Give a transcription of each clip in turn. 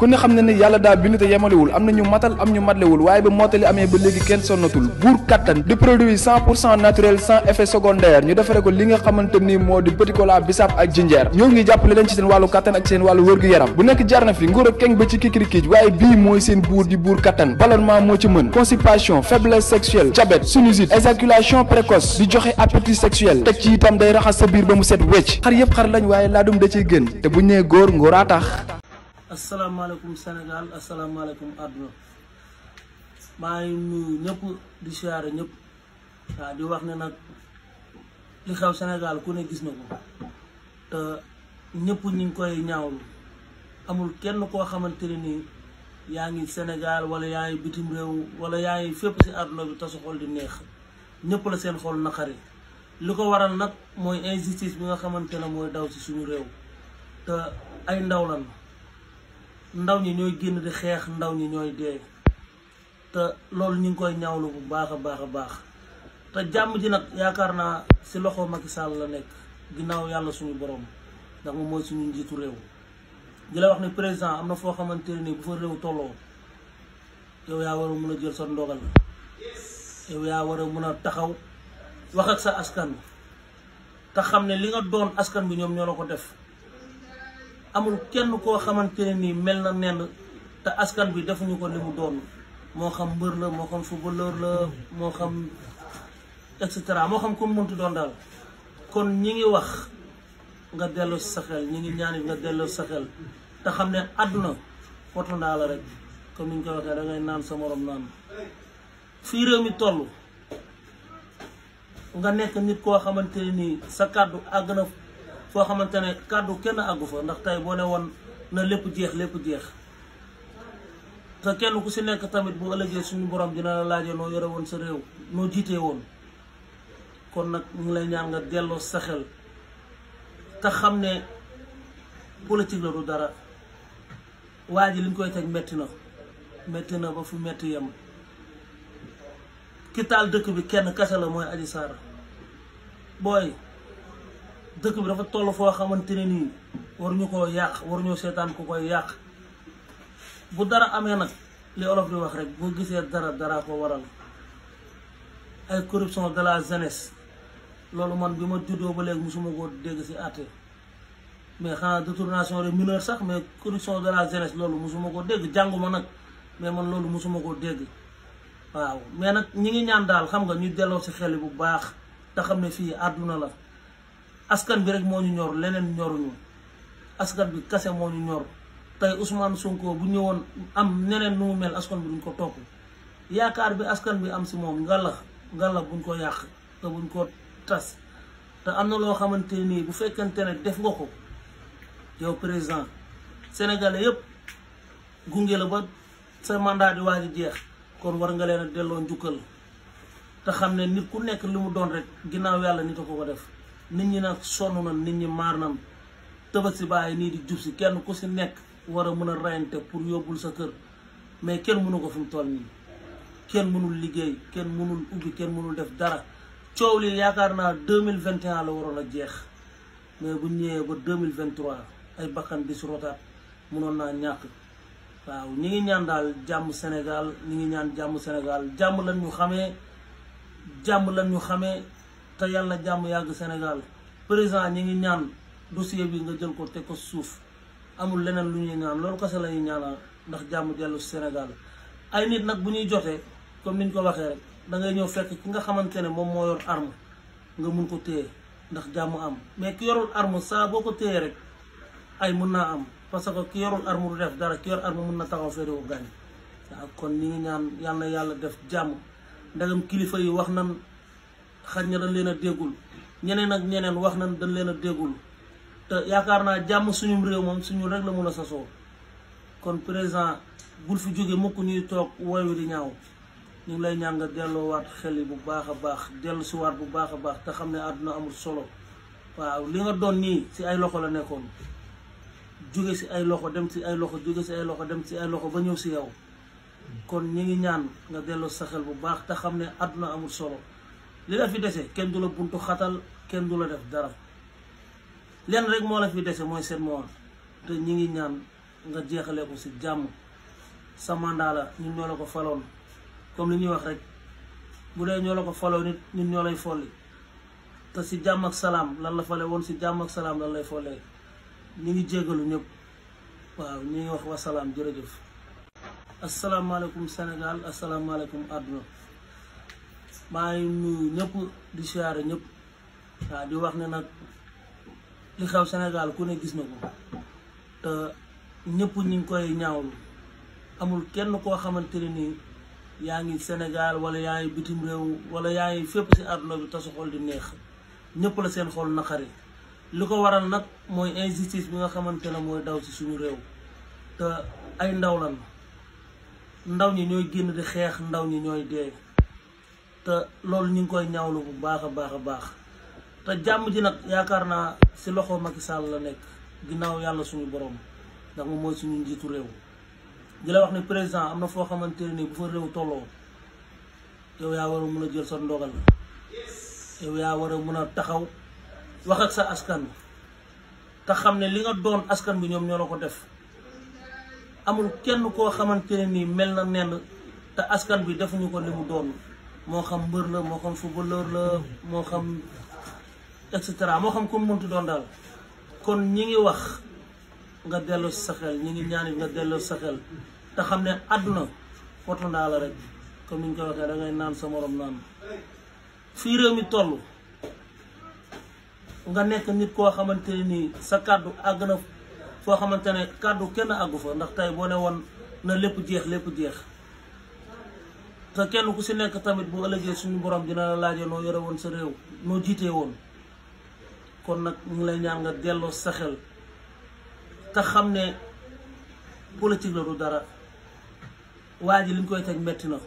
ku ne xam ne ne yàlla daa bind te yemalewul am na ñu matal am ñu matlewul waaye ba mottali amee ba léegi kenn sonnatul buur kattan di produit cent pour cent naturel sans effet secondaire ñu defare ko li nga xamante ni moo di petit cola bisaab ak jinjeer ñoo ngi jàppale leen ci seen wàllu kattan ak seen wàllu wërgu yaram bu nekk jarna fi nguur ak keng ba ci kikirikiij waaye bii mooy seen buur di buur kattan ballonnement moo ci mën constipation faiblesse sexuelle diabète sinusite éjaculation précoce di joxe ci itam day raxas sa biir ba mu set wecc xar yëpp xar lañ waaye laa dum da ciy gën te bu ñu nee góor asalaamaaleykum Sénégal asalaamaaleykum àdduna maa ngi nuyu ñëpp di siyaare ñëpp waaw di wax ne nag li xew Sénégal ku ne gis na ko te ñëpp ñu koy ñaawlu amul kenn koo xamante ne nii yaa ngi Sénégal wala yaa ngi bitim réew wala yaa ngi fépp ci àdduna bi te xol di neex ñëpp la seen xol naqari li ko waral nag mooy injustice bi nga xamante ne mooy daw si suñu réew te ay ndaw la ndaw ñi ñooy génn di xeex ndaw ñi ñooy dee te loolu ñu ngi koy ñawlu bu baax a baax a baax te jàmm ji nag yaakaar naa si loxo Macky Sall la nekk ginnaaw yàlla suñu boroom ndax moom mooy suñu njiitu réew di la wax ne président am na foo xamante ni bu fa réew tolloo yow yaa war a mun a jël sa ndogal yow yaa war a mun a taxaw wax sa askan te xam ne li nga doon askan bi ñoom ñoo la ko def amul kenn koo xamante nii mel na nenn te askan bi defuñu ko li mu doon moo xam mbër la moo xam footballeur la moo xam et cetera moo xam ku mu mënti doon daal kon ñi ngi wax nga delloo si sa xel ñi ngi ñaanit nga delloo si te xam ne àdduna foto naa la rek comme ni ñu ko waxee da naan sa morom naan fii réew mi toll nga nekk nit koo xamante nii sa kàddu àgg na. foo xamante ne kàddu kenn àggu fa ndax tey boo ne woon na lépp jeex lépp jeex te kenn ku si nekk tamit bu ëllëgee suñu boroom dina la laajee noo yore woon sa réew noo jiitee woon kon nag ñu ngi lay ñaan nga delloo sa xel te xam ne politique la du dara waa ji liñ koy teg metti na metti na ba fu metti yem ki taal dëkk bi kenn kese la mooy Adji Sarr booy dëkk bi dafa toll foo xamante ne nii ñu koo yàq war ñoo seetaan ku koy yàq bu dara amee nag li olof di wax rek boo gisee dara dara ko waral ay corruption de la jeunesse loolu man bi ma juddoo ba léegi musuma koo dégg si àtte mais xanaa détournation de mineur sax mais corruption de la jeunesse loolu musuma koo dégg jànguma nag mais man loolu musuma koo dégg waaw mais nag ñi ngi ñaan daal xam nga ñu delloo si xel bu baax te xam ne fii àdduna la askan bi rek moo ñu ñor leneen ñoruñu askan bi kase moo ñu ñor tey Ousmane Sonko bu ñëwoon am neneen nu mu mel askan bi duñ ko topp yaakaar bi askan bi am si moom ngalax ngalax buñ ko yàq te buñ ko tas te am na loo xamante nii bu fekkente ne def nga ko yow président sénégalais yëpp gunge la ba sa mandat di waaj a jeex kon war nga leen delloo njukkal te xam ne nit ku nekk li mu doon rek ginnaaw yàlla nit ko ko def nit ñi nag sonn na nit ñi maar na nan si bàyyi nii di jub si kenn ku si nekk war a mën a reyante pour yóbbul sa kër mais kenn mënu ko fi mu toll nii kenn mënul liggéey kenn mënul ubbi kenn mënul def dara coow li yaakaar naa deux mille vingt et la waroon a jeex mais bu ñëwee ba deux mille vingt ay bakkan di si rotaat mënoon naa ñàkk waaw ñi ngi ñaan daal jàmm Sénégal ñi ngi ñaan jàmm Sénégal jàmm lan ñu xamee jàmm lan ñu xamee te yàlla jàmm yàgg Sénégal président ñi ngi ñaan dossier bi nga jël ko teg ko suuf amul leneen lu ñuy ñaan loolu kese la ñuy ñaanal ndax jàmm dellu Sénégal ay nit nag bu ñuy jotee comme niñ ko waxee rek da ngay ñëw fekk ki nga xamante ne moom moo yor arme nga mun ko téye ndax jàmm am mais ki yorul arme saa boo ko téyee rek ay mun naa am parce que ki yorul arme du def dara ki yor arme mun na taxaw fee ko gaañ waaw kon ñi ngi ñaan yàlla yàlla def jàmm ndegam xaj na dañ leen a déggul ñeneen ak ñeneen wax na dañ leen a déggul te yaakaar naa jàmm suñum réew moom suñu rek la mun a sasoo kon président bul fi jóge mukk ñuy toog woy wi di ñaaw ñu ngi lay ñaan nga waat xel yi bu baax a baax dellu si waat bu baax a baax te xam ne àdduna amul solo waaw li nga doon nii si ay loxo la nekkoon jóge si ay loxo dem si ay loxo jóge si ay loxo dem si ay loxo ba ñëw si yow kon ñu ngi ñaan nga dellu sa xel bu baax te xam ne àdduna amul solo li la fi dese kenn du la buntu xatal kenn du la def dara lenn rek moo la fi dese mooy seen mool te ñi ngi ñaan nga jeexalee ko si jàmm sa mandat la ñun ñoo la ko faloon comme li ñuy wax rek bu dee ñoo la ko faloon it ñun ñoo lay folli te si jàmm ak salaam lan la fale woon si jàmm ak salaam lan lay follee ñu ngi jégalu ñëpp waaw ñu ngi wax wasalaam jërëjëf asalaamaaleykum Sénégal asalaamaaleykum àdduna maa ngi nuyu ñëpp di siyaare ñëpp waaw di wax ne nag li xew Sénégal ku ne gis na ko te ñépp ñu ngi koy ñaawlu amul kenn koo xamante ne nii yaa ngi Sénégal wala yaa ngi bitim réew wala yaa ngi fépp ci àdduna bi tasu xol di neex ñëpp la seen xol naqari li ko waral nag mooy injustice bi nga xamante ne mooy daw si suñu réew te ay ndaw lan ndaw ñi ñooy génn di xeex ndaw ñi ñooy dee. te loolu ñu ngi koy ñaawlu bu baax a baax a baax te jàmm ji nag yaakaar naa si loxo i Sall la nekk ginnaaw yàlla suñu boroom ndax moom mooy suñu njiitu réew di la wax ni président am na foo xamante ni bu fa réew tolloo yow yaa war a jël sa ndogal yow yaa war a taxaw wax ak sa askan te xam ne li nga doon askan bi ñoom ñoo ko def amul kenn koo xamante nii mel na nenn te askan bi defuñu ko li mu doon moo xam mbër la moo xam footballeur la moo xam et cetera moo xam ku muntu doon daal kon ñi ngi wax nga dellu sa xel ñi ngi ñaanit nga dellu sa xel te xam ne àdduna foto ndaa la rek comme mu ñu ko waxee da ngay naan sa morom naan fii réew mi toll nga nekk nit koo xamante nii sa kàddu àgg na foo xamante ne kàddu kenn àggu fa ndax tey boo ne woon na lépp jeex lépp jeex te kenn ku si nekk tamit bu ëllëgee suñu borom dina la laajee noo yore woon sa réew noo jiitee woon kon nag ñu ngi lay ñaan nga delloo sa xel te xam ne politique la du dara waa ji liñ koy teg metti na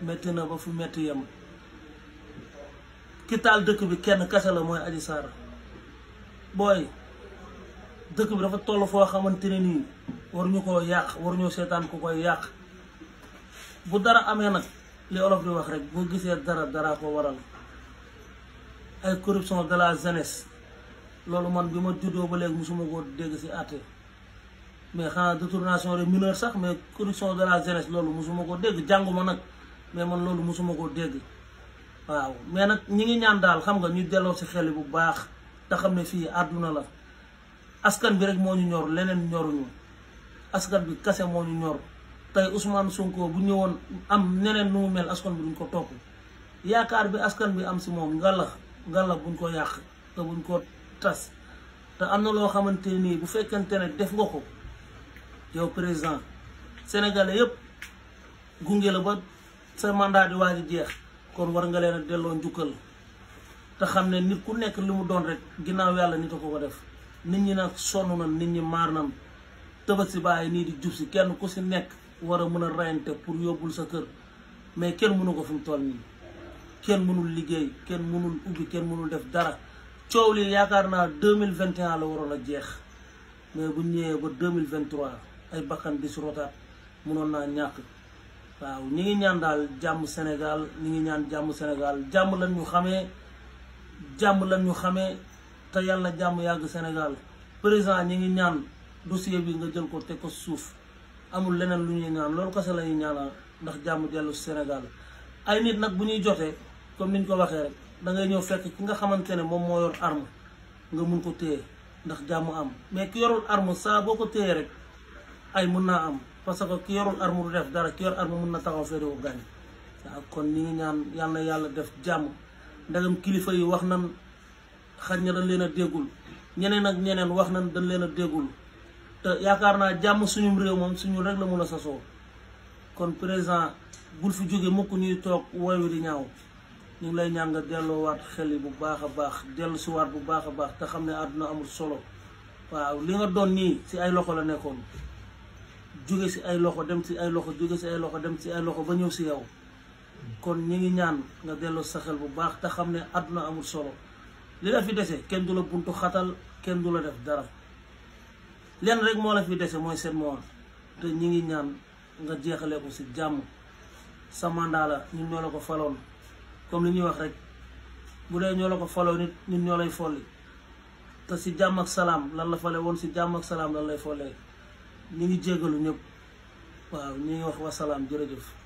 metti na ba fu metti yem ki taal dëkk bi kenn kese la mooy Adji Sarr booy dëkk bi dafa toll foo xamante ne nii war ñu koo yàq war ñoo seetaan ku koy yàq bu dara amee nag li olof di wax rek boo gisee dara dara ko waral ay corruption de la jeunesse loolu man bi ma juddoo ba léegi mosuma ko dégg si àtte mais xanaa détournation de mineur sax mais corruption de la jeunesse loolu musuma koo dégg jànguma nag mais man loolu mosuma koo dégg waaw mais nag ñi ngi ñaan daal xam nga ñu delloo si xel bu baax te xam ne fii àdduna la askan bi rek moo ñu ñor leneen ñoruñu askan bi kase moo ñu ñor tey Ousmane Sonko bu ñëwoon am neneen nu mu mel askan bi duñ ko topp yaakaar bi askan bi am si moom ngalax ngalax buñ ko yàq te buñ ko tas te am na loo xamante nii bu fekkente ne def nga ko yow président sénégalais yëpp gunge la ba sa mandat di waaj jeex kon war nga leen delloo njukkal te xam ne nit ku nekk li mu doon rek ginnaaw yàlla nit a ko ko def nit ñi nag sonn na nit ñi maar nan si bàyyi nii di jub si kenn ku si nekk war a mën a reyante pour yóbbul sa kër mais kenn mënu ko fu mu toll nii kenn mënul liggéey kenn mënul ubbi kenn mënul def dara coow li yaakaar naa deux mille vingt et la waroon a jeex mais bu ñëwee ba deux mille vingt ay bakkan di si rotaat mënoon naa ñàkk waaw ñi ngi ñaan daal jàmm Sénégal ñi ngi ñaan jàmm Sénégal jàmm lan ñu xamee jàmm lan xamee te yàlla jàmm yàgg Sénégal président ñi ngi ñaan dossier bi nga jël ko teg ko suuf amul leneen lu ñuy ñaan loolu kese la ñuy ñaanal ndax jàmm dellu Sénégal ay nit nag bu ñuy jotee kon ni ko waxee rek da ngay ñëw fekk ki nga xamante ne moom moo yor arme nga mun ko téye ndax jàmm am mais ki yorul arme saa boo ko téyee rek ay mun naa am parce que ki yorul arme du def dara ki yor arme mun na taxaw fee doo gaañ waaw kon ñi ngi ñaan yal yàlla def jàmm ndegam kilifa yi wax nan xaj na dañ leen a déggul ñeneen ak ñeneen wax nan dañ leen a déggul. te yaakaar naa jàmm suñum réew moom suñu rek la mun a sasoo kon président bul fi jóge mukk ñuy toog woy wi di ñaaw ñu ngi lay ñaan nga waat xel yi bu baax a baax dellu si waat bu baax a baax te xam ne àdduna amul solo waaw li nga doon nii si ay loxo la nekkoon jóge si ay loxo dem si ay loxo jóge si loxo dem si ay loxo ba ñëw si yow kon ñu ngi ñaan nga delloo sa xel bu baax te xam ne àdduna amul solo li la fi dese kenn du la buntu xatal kenn du la def dara lenn rek moo la fi dese mooy seen mool te ñi ngi ñaan nga jeexalee ko si jàmm sa mandat ñun ñoo la ko faloon comme li ñuy wax rek bu dee ñoo la ko faloon nit ñun ñoo lay folli te si jàmm ak salaam lan la fale woon si jàmm ak salaam lan lay follee ñi ngi jéggalu ñëpp waaw ñi ngi wax wasalaam jërëjëf